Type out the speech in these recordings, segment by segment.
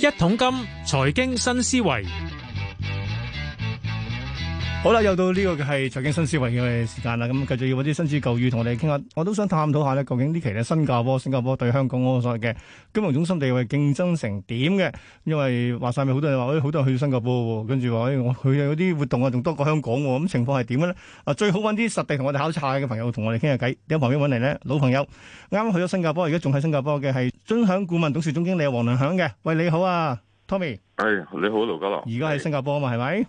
一桶金，財經新思維。好啦，又到呢個係財經新思維嘅時間啦，咁、嗯、繼續要揾啲新知舊語同我哋傾下。我都想探討下咧，究竟期呢期咧新加坡、新加坡對香港嗰個所謂嘅金融中心地位競爭成點嘅？因為話晒咪好多人話，好、哎、多人去新加坡，跟住話誒，我去啲活動啊，仲多過香港，咁、嗯、情況係點呢？啊，最好揾啲實地同我哋考察嘅朋友同我哋傾下偈。喺旁邊揾嚟呢老朋友，啱啱去咗新加坡，而家仲喺新加坡嘅係尊享顧問董事總經理王良享嘅。喂，你好啊，Tommy。哎。係你好，盧家樂。而家喺新加坡啊嘛，係咪、哎？是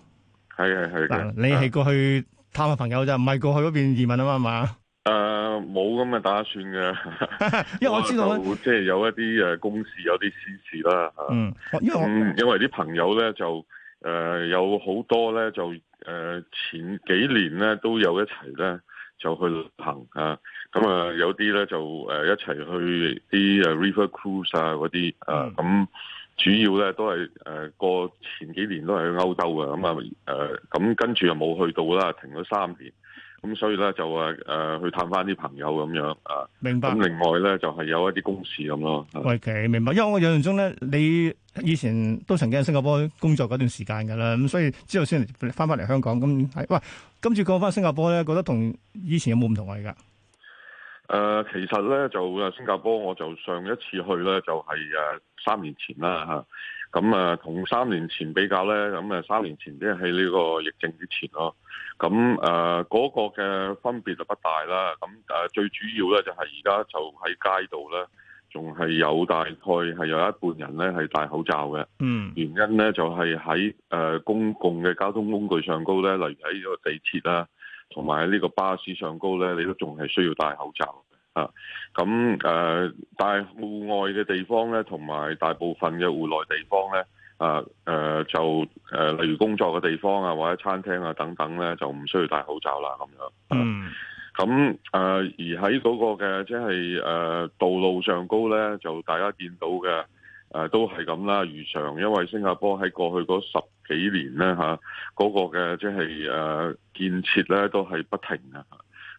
係係係，你係過去探下朋友咋，唔係、啊、過去嗰邊移民啊嘛，係嘛、呃？誒，冇咁嘅打算嘅， 因為我知道即係有一啲誒公事，有啲私事啦。嗯，因為啲、嗯、朋友咧就誒、呃、有好多咧就誒、呃、前幾年咧都有一齊咧就去旅行啊，咁、嗯、啊、呃、有啲咧就誒、呃、一齊去啲誒 river cruise 啊嗰啲啊咁。嗯主要咧都係誒過前幾年都係去歐洲嘅，咁啊，誒，咁跟住就冇去到啦，停咗三年咁，所以咧就誒誒、呃、去探翻啲朋友咁樣啊。明白咁，另外咧就係有一啲公事咁咯。係嘅，明白。因為我印象中咧，你以前都曾經喺新加坡工作嗰段時間㗎啦，咁所以之後先翻翻嚟香港咁。喂,今次過翻新加坡咧，覺得同以前有冇唔同啊？而家？誒、呃、其實咧就誒新加坡，我就上一次去咧就係、是、誒、呃、三年前啦嚇，咁啊同三年前比較咧，咁誒三年前即係喺呢個疫症之前咯，咁誒嗰個嘅分別就不大啦，咁、啊、誒最主要咧就係而家就喺街度咧，仲係有大概係有一半人咧係戴口罩嘅，嗯，原因咧就係喺誒公共嘅交通工具上高咧，例如喺呢個地鐵啦。同埋呢個巴士上高呢，你都仲係需要戴口罩啊！咁誒，大、呃、戶外嘅地方呢，同埋大部分嘅戶內地方呢，啊誒、呃、就誒、呃，例如工作嘅地方啊，或者餐廳啊等等呢，就唔需要戴口罩啦咁樣。嗯、啊。咁、啊、誒，而喺嗰個嘅即係誒道路上高呢，就大家見到嘅。誒、啊、都係咁啦，如常，因為新加坡喺過去嗰十幾年咧嚇，嗰、啊那個嘅即係誒建設咧都係不停啊，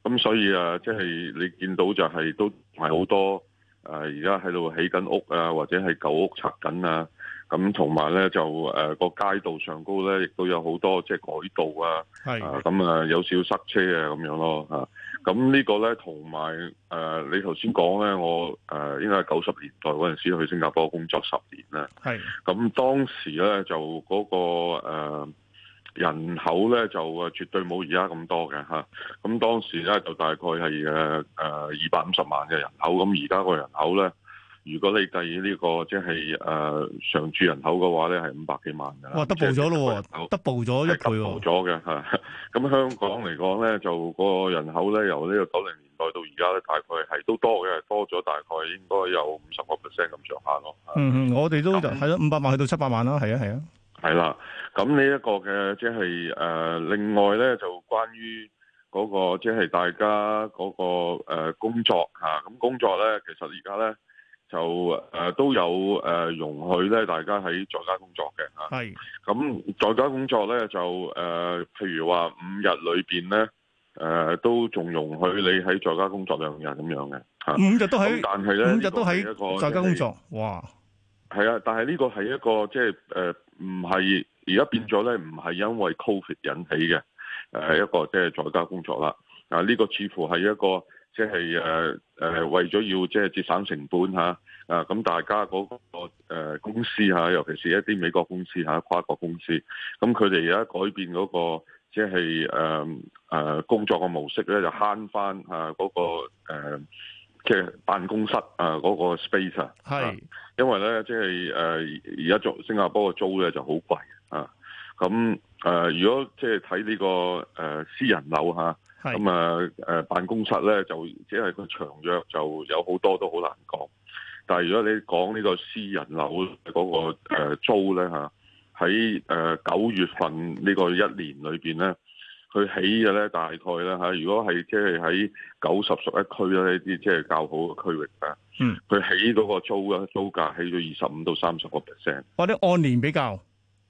咁所以誒即係你見到就係、是、都係好多誒，而家喺度起緊屋啊，或者係舊屋拆緊啊，咁同埋咧就誒個、啊、街道上高咧亦都有好多即係、就是、改道啊，係啊咁啊有少塞車啊咁樣咯嚇。啊咁呢個咧，同埋誒，你頭先講咧，我誒、呃、應該係九十年代嗰陣時去新加坡工作十年啦。係。咁當時咧就嗰個、呃、人口咧就誒絕對冇而家咁多嘅嚇。咁當時咧就大概係誒誒二百五十萬嘅人口。咁而家個人口咧。如果你計呢、這個即係誒常住人口嘅話咧，係五百幾萬嘅啦。哇，double 咗咯喎，double 咗一倍喎。一倍咗嘅嚇。咁香港嚟講咧，就個人口咧由呢個九零年代到而家咧，大概係都多嘅，多咗大概應該有五十個 percent 咁上下咯。嗯嗯，嗯我哋都係咯，五百、嗯、萬去到七百萬啦，係啊係啊。係啦、啊，咁呢一個嘅即係誒另外咧，就關於嗰、那個即係、就是、大家嗰、那個、呃、工作嚇，咁、啊、工作咧其實而家咧。就誒、呃、都有誒、呃、容許咧，大家喺在家工作嘅嚇。係咁是在家工作咧，就誒、呃、譬如話五日裏邊咧，誒、呃、都仲容許你喺在，在家工作兩日咁樣嘅嚇。啊、五日都喺，但係咧五日都喺一個在家工，是家工作。哇，係啊！但係呢個係一個即係誒，唔係而家變咗咧，唔係因為 Covid 引起嘅誒、嗯、一個即係、就是、在家工作啦。啊，呢、這個似乎係一個。即係誒誒，為咗要即係節省成本吓，啊咁大家嗰個誒公司吓，尤其是一啲美國公司吓，跨國公司，咁佢哋而家改變嗰個即係誒誒工作嘅模式咧，就慳翻吓嗰個誒即係辦公室啊嗰個 space 啊，係是，因為咧即係誒而家做新加坡嘅租咧就好貴啊，咁誒如果即係睇呢個誒私人樓吓。咁啊，誒、嗯呃、辦公室咧就，即係個長約就有好多都好難講。但係如果你講呢個私人樓嗰、那個、呃、租咧嚇，喺誒九月份呢個一年裏邊咧，佢起嘅咧大概咧嚇，如果係即係喺九十十一區呢啲即係較好嘅區域啊，嗯，佢起嗰個租咧租價起咗二十五到三十個 percent。或者按年比較，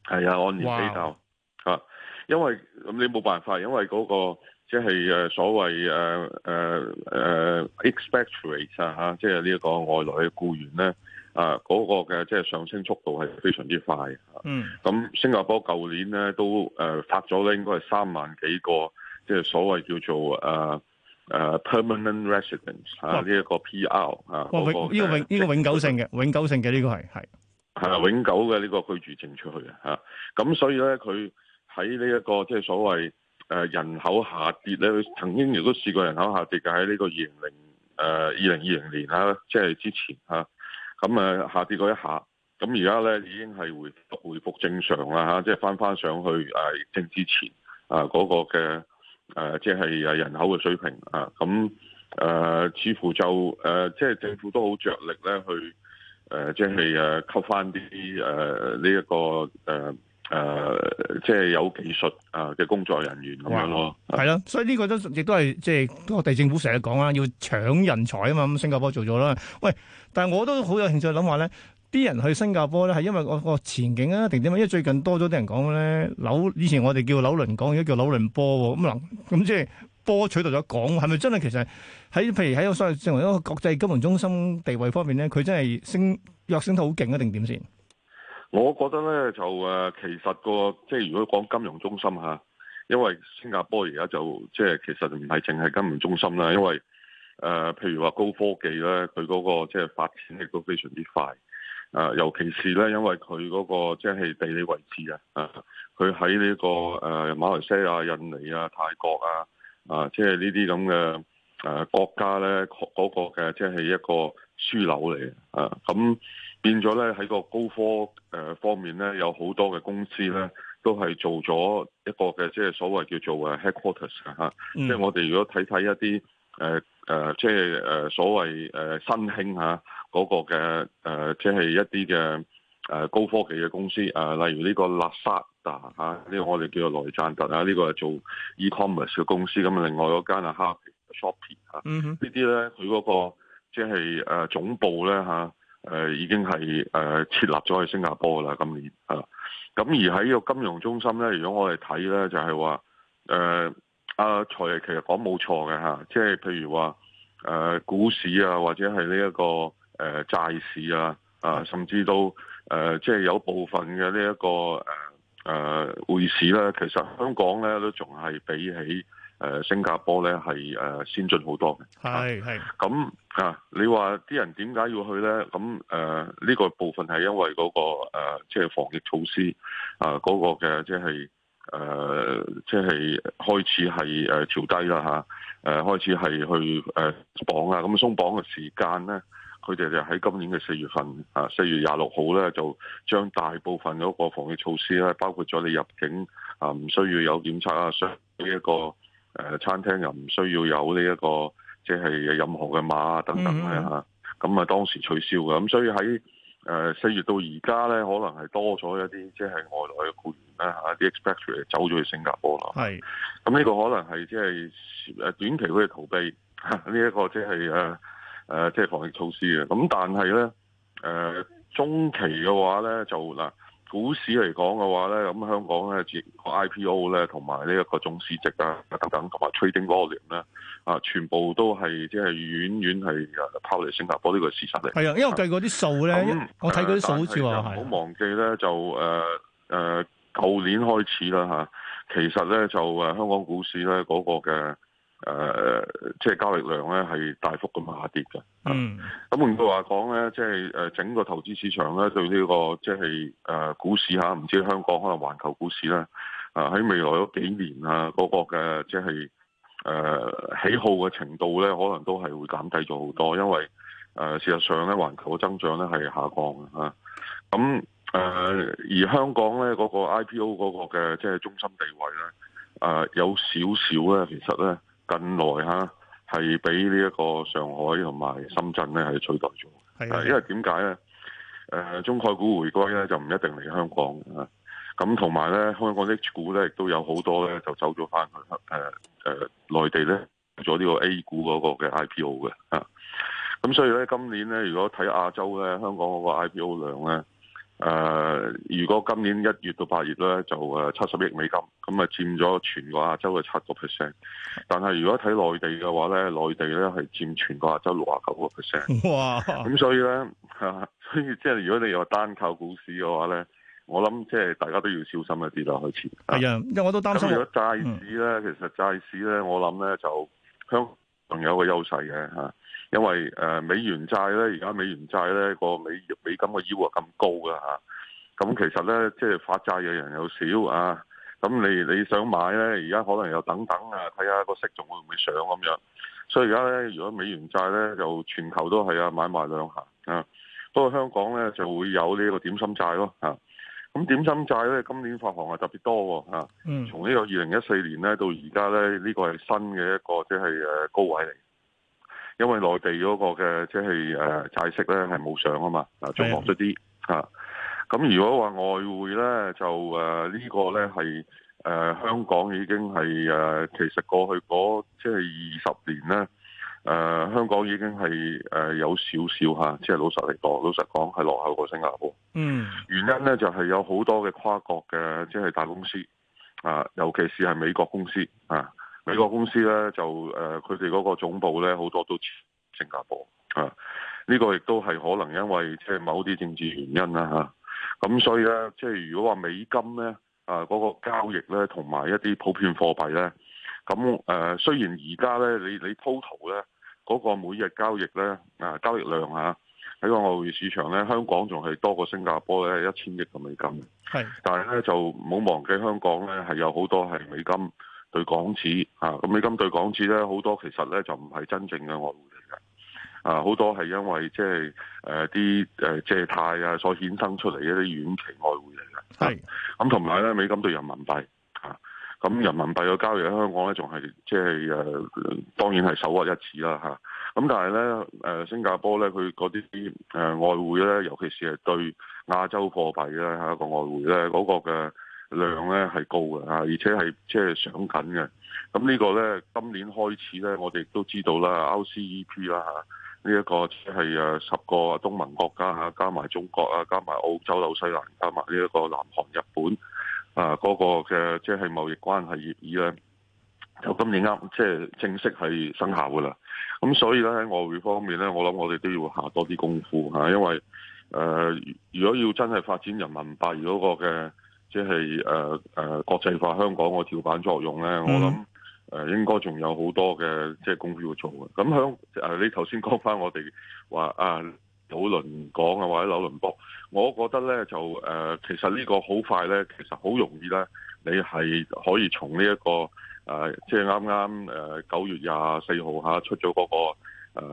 係啊，按年比較嚇，哇因為咁、嗯、你冇辦法，因為嗰、那個。即係誒所謂誒誒誒 expect rate 啊嚇，即係呢一個外來嘅僱員咧啊嗰個嘅即係上升速度係非常之快的。嗯，咁新加坡舊年咧都誒發咗咧應該係三萬幾個，即係所謂叫做誒誒、呃 uh, permanent residence 嚇呢一個 PR 嚇。呢個永呢個係永久性嘅、這個啊，永久性嘅呢個係係係永久嘅呢個居住證出去嘅嚇。咁、啊啊啊啊啊啊啊嗯、所以咧佢喺呢一個即係所謂。誒人口下跌咧，曾經亦都試過人口下跌嘅喺呢個二零，誒二零二零年啦，即係之前嚇，咁啊下跌嗰一下，咁而家咧已經係回回復正常啦嚇，即係翻翻上去誒疫情之前啊嗰個嘅誒，即係誒人口嘅水平啊，咁誒似乎就誒即係政府都好着力咧去誒，即係誒吸翻啲誒呢一個誒。誒、呃，即係有技術誒嘅工作人員咁、嗯、樣咯，係咯，所以呢個都亦都係即係我哋政府成日講啦，要搶人才啊嘛，咁新加坡做咗啦。喂，但係我都好有興趣諗話咧，啲人去新加坡咧係因為個前景啊定點？因為最近多咗啲人講咧，紐以前我哋叫紐倫港而家叫紐倫坡咁啊，咁即係坡取代咗港，係咪真係其實喺譬如喺個所謂成為一個國際金融中心地位方面咧，佢真係升躍升得好勁啊，定點先？我覺得咧就誒，其實、嗰個即係如果講金融中心嚇，因為新加坡而家就即係其實唔係淨係金融中心啦，因為誒、呃、譬如話高科技咧，佢嗰、那個即係發展力都非常之快，誒、呃、尤其是咧，因為佢嗰、那個即係地理位置啊，誒佢喺呢個誒、呃、馬來西亞、印尼啊、泰國啊，啊即係呢啲咁嘅誒國家咧，嗰、那個嘅即係一個樞紐嚟嘅，啊咁。變咗咧喺個高科誒方面咧，有好多嘅公司咧，都係做咗一個嘅即係所謂叫做誒 headquarters 嘅吓、啊嗯呃。即係我哋如果睇睇一啲誒誒，即係誒所謂誒新興吓嗰個嘅誒，即係一啲嘅誒高科技嘅公司誒、啊，例如呢個 Lazada 吓、啊，呢、這個我哋叫做來贊特，啊，呢、這個係做 e-commerce 嘅公司。咁啊，另外嗰間 Sh、e, 啊 Shopee Shopping 吓，嗯、哼呢啲咧佢嗰個即係誒、啊、總部咧吓。啊啊誒、呃，已經係誒設立咗喺新加坡噶啦，今年啊，咁而喺呢個金融中心咧，如果我哋睇咧，就係話誒，阿財爺其實講冇錯嘅吓，即係譬如話誒股市啊，或者係呢一個誒債、呃、市啊，啊甚至到誒即係有部分嘅、這個呃、呢一個誒誒匯市咧，其實香港咧都仲係比起。誒、呃、新加坡咧係誒先進好多嘅，係係咁啊！你話啲人點解要去咧？咁誒呢個部分係因為嗰、那個、呃、即係防疫措施啊，嗰個嘅即係誒、呃、即係開始係誒調低啦嚇，誒、啊、開始係去誒、呃、綁，綁啊！咁鬆綁嘅時間咧，佢哋就喺今年嘅四月份啊，四月廿六號咧就將大部分嗰個防疫措施咧，包括咗你入境啊，唔需要有檢測啊，相呢一個。誒、呃，餐廳又唔需要有呢、這、一個即係、就是、任何嘅碼等等嘅吓，咁、mm hmm. 啊當時取消嘅，咁、嗯、所以喺誒四月到而家咧，可能係多咗一啲即係外來嘅雇員啦吓，啲 expatriate 走咗去新加坡啦，係、mm，咁、hmm. 呢、啊這個可能係即係誒短期佢嘅逃避呢一、這個即係誒誒即係防疫措施嘅，咁、啊、但係咧誒中期嘅話咧就啦。股市嚟講嘅話咧，咁香港咧，整個 IPO 咧，同埋呢一個總市值啊等等，同埋 trading volume 咧，啊，全部都係即係遠遠係啊拋離新加坡呢個事實嚟。係啊，因為計過啲數咧，我睇嗰啲數好似話係。唔好忘記咧，就誒誒舊年開始啦嚇，其實咧就誒香港股市咧嗰個嘅。誒、呃、即係交易量咧係大幅咁下跌嘅。嗯、mm. 啊，咁換句話講咧，即係誒整個投資市場咧對呢、這個即係誒股市吓，唔知香港可能環球股市咧，誒、啊、喺未來嗰幾年啊，嗰個嘅即係誒、呃、喜好嘅程度咧，可能都係會減低咗好多，因為誒、呃、事實上咧環球嘅增長咧係下降嘅吓。咁、啊、誒、呃、而香港咧嗰、那個 IPO 嗰個嘅即係中心地位咧，誒、呃、有少少咧，其實咧。近來吓係俾呢一個上海同埋深圳咧係取代咗，係的因為點解咧？誒中概股回歸咧就唔一定嚟香港啊，咁同埋咧香港 H 股咧亦都有好多咧就走咗翻去誒誒、呃呃、內地咧做呢個 A 股嗰個嘅 IPO 嘅啊，咁所以咧今年咧如果睇亞洲咧香港嗰個 IPO 量咧。誒、呃，如果今年一月到八月咧，就誒七十億美金，咁啊佔咗全個亞洲嘅七個 percent。但係如果睇內地嘅話咧，內地咧係佔全個亞洲六十九個 percent。咁哇所以咧、啊，所以即、就、係、是、如果你又單靠股市嘅話咧，我諗即係大家都要小心一啲啦。開始係啊，因為、哎、我都擔心。如果債市咧，嗯、其實債市咧，我諗咧就香港仲有個優勢嘅嚇。啊。因為誒美元債咧，而家美元債咧個美美金個腰啊咁高噶吓，咁、嗯、其實咧即係發債嘅人又少啊，咁你你想買咧，而家可能又等等啊，睇下個息仲會唔會上咁樣，所以而家咧如果美元債咧就全球都係啊買埋兩下啊，不過香港咧就會有呢個點心債咯吓，咁、啊啊啊、點心債咧今年發行係特別多吓、啊啊，從呢個，呢、這個二零一四年咧到而家咧呢個係新嘅一個即係誒高位嚟。因為內地嗰個嘅即係誒債息咧係冇上啊嘛，中國嗯、啊仲落咗啲嚇。咁如果話外匯咧就誒、呃這個、呢個咧係誒香港已經係誒、呃、其實過去嗰即係二十年咧誒、呃、香港已經係誒、呃、有少少嚇，即係老實嚟講，老實講係落後過新加坡。嗯，原因咧就係、是、有好多嘅跨國嘅即係大公司啊，尤其是係美國公司啊。美國公司咧就誒，佢哋嗰個總部咧好多都似新加坡啊，呢、這個亦都係可能因為即係、就是、某啲政治原因啦吓，咁、啊、所以咧即係如果話美金咧啊嗰、那個交易咧同埋一啲普遍貨幣咧，咁、啊、誒雖然而家咧你你 total 咧嗰個每日交易咧啊交易量吓喺個外匯市場咧，香港仲係多過新加坡咧一千億個美金，係是，但係咧就唔好忘記香港咧係有好多係美金。對港紙啊，咁美金對港紙咧，好多其實咧就唔係真正嘅外匯嚟嘅，啊好多係因為即係誒啲誒借貸啊所衍生出嚟一啲遠期外匯嚟嘅。係的，咁同埋咧，美金對人民幣啊，咁人民幣嘅交易喺香港咧，仲係即係誒、啊，當然係首屈一指啦嚇。咁、啊、但係咧，誒新加坡咧，佢嗰啲誒外匯咧，尤其是係對亞洲貨幣咧，一個外匯咧，嗰、那個嘅。量咧係高嘅嚇，而且係即係上緊嘅。咁呢個咧，今年開始咧，我哋都知道啦 RCEP 啦嚇，呢一個即係十個東盟國家嚇，加埋中國啊，加埋澳洲、紐西蘭，加埋呢一個南韓、日本啊，嗰個嘅即係貿易關係協議咧，就今年啱即係正式係生效㗎啦。咁所以咧，喺外匯方面咧，我諗我哋都要下多啲功夫嚇、啊，因為誒、呃、如果要真係發展人民幣嗰個嘅。即係誒誒國際化香港個跳板作用咧，mm hmm. 我諗誒應該仲有好多嘅即係功夫要做嘅。咁香誒你頭先講翻我哋話啊紐倫港啊或者紐倫坡，我覺得咧就誒其實呢個好快咧，其實好容易咧，你係可以從呢、這、一個誒即係啱啱誒九月廿四號嚇出咗嗰、那個誒、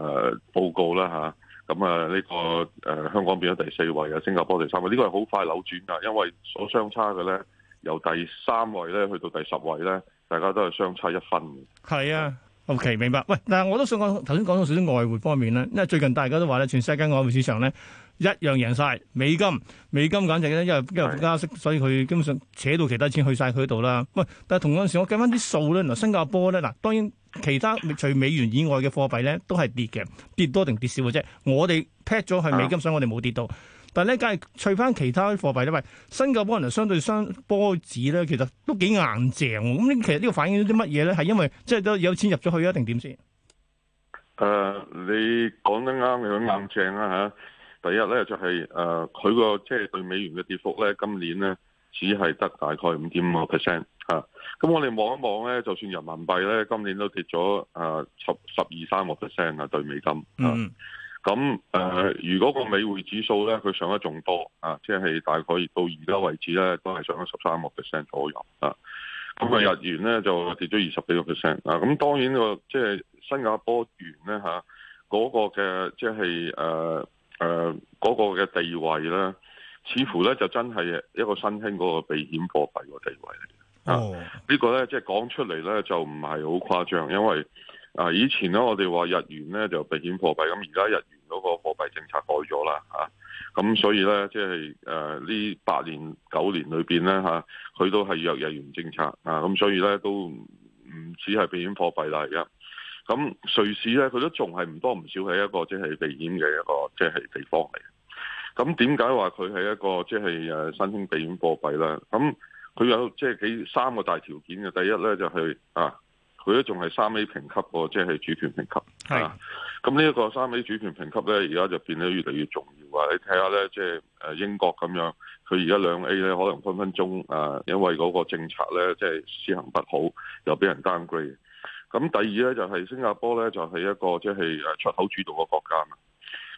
呃、報告啦嚇。啊咁啊，呢、這個誒、呃、香港變咗第四位啊，新加坡第三位，呢、這個係好快扭轉㗎，因為所相差嘅咧，由第三位咧去到第十位咧，大家都係相差一分嘅。係啊，OK 明白。喂，但係嗱，我都想講頭先講到少少外匯方面啦，因為最近大家都話咧，全世界外匯市場咧一樣贏晒美金，美金簡直咧，因為因為加息，所以佢基本上扯到其他錢去晒佢度啦。喂，但係同嗰陣時，我計翻啲數咧，嗱，新加坡咧，嗱，當然。其他除美元以外嘅貨幣咧，都係跌嘅，跌多定跌少嘅啫。我哋撇咗係美金，所以我哋冇跌到。但係咧，梗係除翻其他貨幣因為，新加坡人相對相波子咧，其實都幾硬淨。咁呢，其實呢個反映咗啲乜嘢咧？係因為即係都有錢入咗去啊，定點先？誒、呃，你講得啱，係硬淨啊嚇！第一咧就係、是、誒，佢個即係對美元嘅跌幅咧，今年咧只係得大概五點五個 percent。啊，咁我哋望一望咧，就算人民幣咧，今年都跌咗、呃、啊十十二三個 percent 啊對美金。啊、嗯。咁誒、啊，如果個美匯指數咧，佢上得仲多啊，即、就、係、是、大概到而家為止咧，都係上咗十三個 percent 左右啊。咁、嗯、嘅、嗯啊、日元咧就跌咗二十幾個 percent 啊。咁當然個即係新加坡元咧嚇，嗰、啊嗰個嘅即係誒誒嗰個嘅地位咧，似乎咧就真係一個新興嗰個避險貨幣個地位。啊！呢、oh. 個咧，即係講出嚟咧，就唔係好誇張，因為啊，以前咧，我哋話日元咧就避險貨幣，咁而家日元嗰個貨幣政策改咗啦，啊，咁所以咧，即係誒呢八年九年裏邊咧，吓佢都係有日元政策啊，咁所以咧都唔只係避險貨幣啦而家，咁瑞士咧，佢都仲係唔多唔少係一個即係避險嘅一個即係地方嚟，咁點解話佢係一個即係誒新興避險貨幣咧？咁佢有即係幾三個大條件嘅，第一咧就係、是、啊，佢都仲係三 A 評級喎，即係主權評級。係、啊。咁呢一個三 A 主權評級咧，而家就變得越嚟越重要啊！你睇下咧，即係誒英國咁樣，佢而家兩 A 咧，可能分分鐘啊，因為嗰個政策咧，即係施行不好，又俾人 downgrade。咁第二咧就係、是、新加坡咧，就係、是、一個即係誒出口主導嘅國家嘛。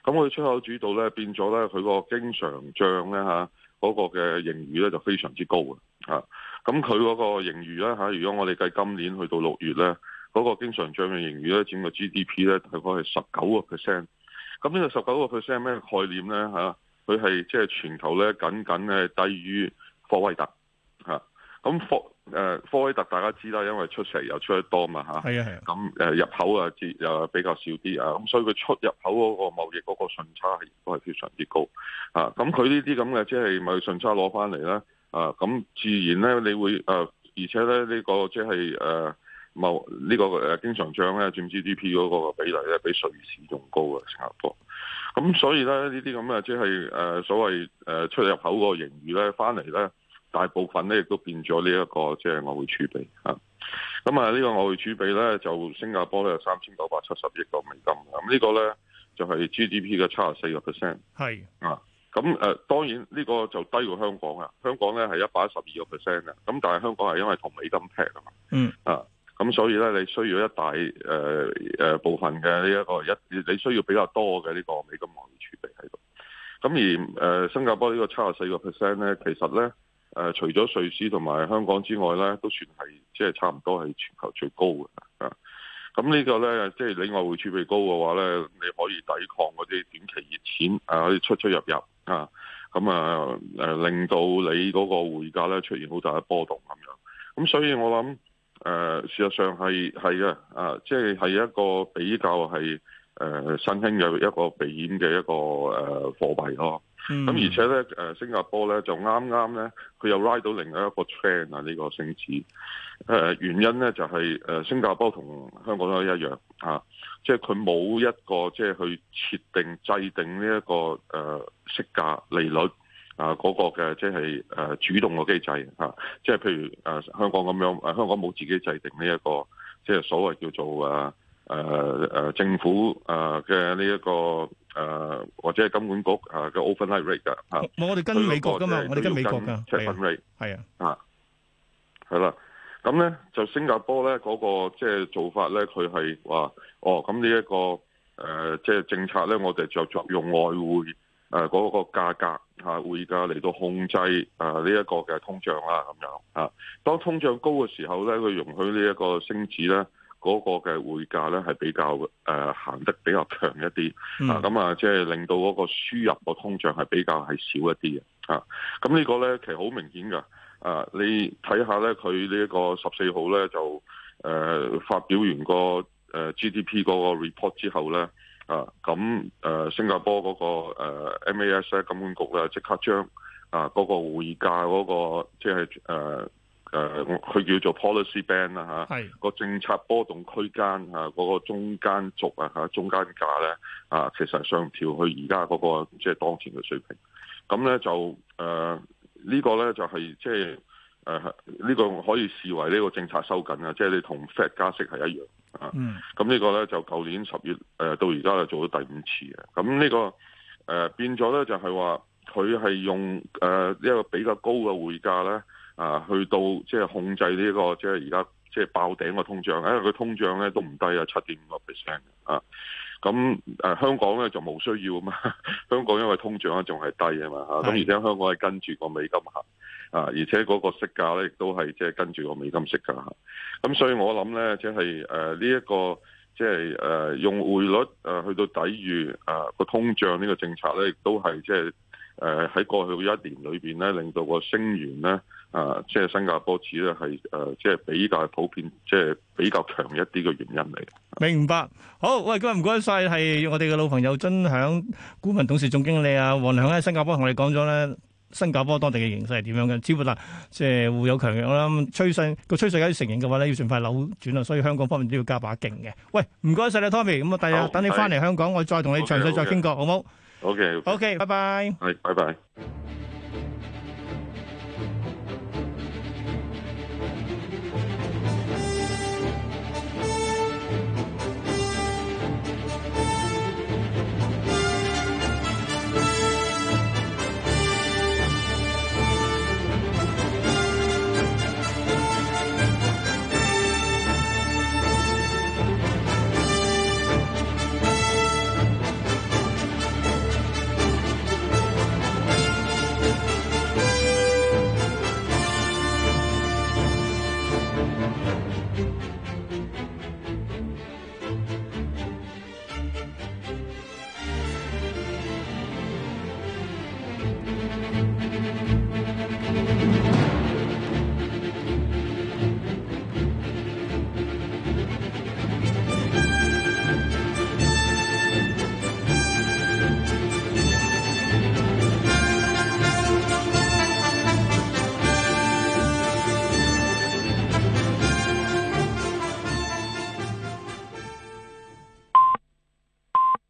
咁佢出口主導咧，變咗咧，佢個經常帳咧嚇。啊嗰個嘅盈餘咧就非常之高嘅，啊，咁佢嗰個盈餘咧嚇，如果我哋計今年去到六月咧，嗰、嗰個經常帳嘅盈餘咧整個 GDP 咧大概係十九個 percent，咁呢個十九個 percent 咩概念咧嚇？佢係即係全球咧僅僅嘅低於科威特嚇。啊咁科誒、呃、科威特大家知啦，因為出石油出得多嘛嚇，係啊係。咁誒的、啊、入口啊，又比較少啲啊，咁所以佢出入口嗰個貿易嗰個順差係都係非常之高啊。咁佢呢啲咁嘅即係貿易順差攞翻嚟咧，啊，咁、啊、自然咧你會誒、啊，而且咧呢、這個即係誒貿呢、這個誒經常帳咧佔 GDP 嗰個比例咧，比瑞士仲高啊，新加坡。咁、啊、所以咧呢啲咁嘅即係誒所謂誒出入口嗰個盈餘咧翻嚟咧。大部分咧亦都變咗呢一個即係、就是、外匯儲備嚇。咁啊呢、啊這個外匯儲備咧就新加坡咧有三千九百七十億個美金。咁呢個咧就係 GDP 嘅七十四個 percent。係啊，咁、這、誒當然呢、這個就低過香港啊。香港咧係一百一十二個 percent 嘅。咁、啊、但係香港係因為同美金 peg 啊嘛。嗯啊，咁、啊、所以咧你需要一大誒誒、呃、部分嘅呢、這個、一個一你需要比較多嘅呢個美金外匯儲備喺度。咁、啊、而誒、啊、新加坡個呢個七十四個 percent 咧，其實咧。誒除咗瑞士同埋香港之外咧，都算係即係差唔多係全球最高嘅啊！咁呢個咧，即係你外匯儲備高嘅話咧，你可以抵抗嗰啲短期熱錢啊，可以出出入入啊！咁啊誒，令到你嗰個匯價咧出現好大嘅波動咁樣。咁啊所以我諗誒啊，事實上係係嘅啊，即係係一個比較係誒新興嘅一個避險嘅一個誒貨幣咯啊。咁、嗯、而且咧，誒新加坡咧就啱啱咧，佢又拉到另外一個 trend 啊，呢、這個升市。誒、呃、原因咧就係、是、誒、呃、新加坡同香港都一樣嚇、啊，即係佢冇一個即係去設定制定呢、這、一個誒、呃、息價利率啊嗰、那個嘅即係誒、呃、主動嘅機制嚇、啊。即係譬如誒、呃、香港咁樣，香港冇自己制定呢、這、一個即係所謂叫做誒。誒誒、呃，政府誒嘅呢一個誒、呃，或者係金管局啊嘅 open rate 噶吓，啊、我哋跟美國噶嘛，我哋跟美國啊 check rate 係啊啊，係啦，咁咧就新加坡咧、那、嗰個即係、就是、做法咧，佢係話哦咁呢一個誒即係政策咧，我哋就作用外匯誒嗰個價格吓匯價嚟到控制誒呢一個嘅通脹啦。咁樣吓，當通脹高嘅時候咧，佢容許呢一個升值咧。嗰個嘅匯價咧係比較誒、呃、行得比較強一啲，嗯、啊咁啊即係令到嗰個輸入個通脹係比較係少一啲嘅，啊咁呢個咧其實好明顯㗎，啊你睇下咧佢呢一個十四號咧就誒、呃、發表完個誒 GDP 嗰個 report 之後咧，啊咁誒、啊、新加坡嗰、嗰個、呃、MAS 咧金管局啊，即刻將啊嗰個匯價嗰、嗰個即係誒。即係呃佢叫做 policy band 啦嚇，個是政策波動區間嚇，嗰、啊那個中間軸啊嚇，中間價咧啊，其實上調去而家嗰個即係、就是、當前嘅水平。咁、嗯、咧就誒、呃這個、呢個咧就係即係誒呢個可以視為呢個政策收緊啊，即係你同 Fed 加息係一樣啊。咁呢個咧就舊年十月誒、呃、到而家就做咗第五次嘅。咁、啊、呢、這個誒、呃、變咗咧就係話佢係用誒一、呃這個比較高嘅匯價咧。啊，去到即係控制呢個即係而家即係爆頂個通脹，因為佢通脹咧都唔低啊，七點五個 percent 啊。咁誒香港咧就冇需要啊嘛呵呵，香港因為通脹咧仲係低嘛啊嘛嚇。咁而且香港係跟住個美金行啊，而且嗰個息價咧亦都係即係跟住個美金息價。咁、啊、所以我諗咧，即係誒呢一個即係誒用匯率誒、呃、去到抵禦啊個通脹呢個政策咧，亦都係即係誒喺過去一年裏邊咧，令到個坡元咧。誒，即係新加坡市咧係誒，即係比較普遍，即係比較強一啲嘅原因嚟。明白，好，喂，今日唔該晒，係我哋嘅老朋友，真享股份董事總經理啊，王良喺新加坡同我哋講咗咧，新加坡當地嘅形勢係點樣嘅？只不過啦，即係互有強弱啦，咁趨勢個趨勢家承認嘅話咧，要盡快扭轉啊，所以香港方面都要加把勁嘅。喂，唔該晒你，Tommy，咁啊，第日等你翻嚟香港，我再同你詳細再傾過，好唔好？OK，OK，拜拜，係，拜拜。